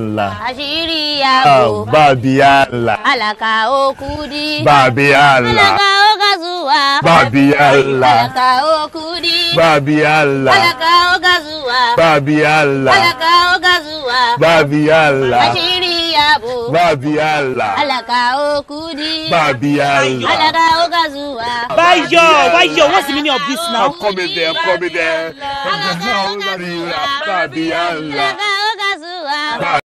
ńlá. àṣírí àbò. bàbíà ńlá. alaka okudi. bàbíà ńlá. alaka okazuwa. bàbíà ńlá. alaka okudi. bàbíà ńlá. alaka okazuwa. bàbíà ńlá. alaka okazuwa. bàbíà ńlá. àṣírí àbò. bàbíà ńlá. alaka okudi. bàbíà ńlá. alaka okazuwa. Bayo Bayo what's the meaning of this now. ọkọ mi dẹ ọkọ mi dẹ. alaka okazuwa. bàbíà ńlá. alaka okazuwa.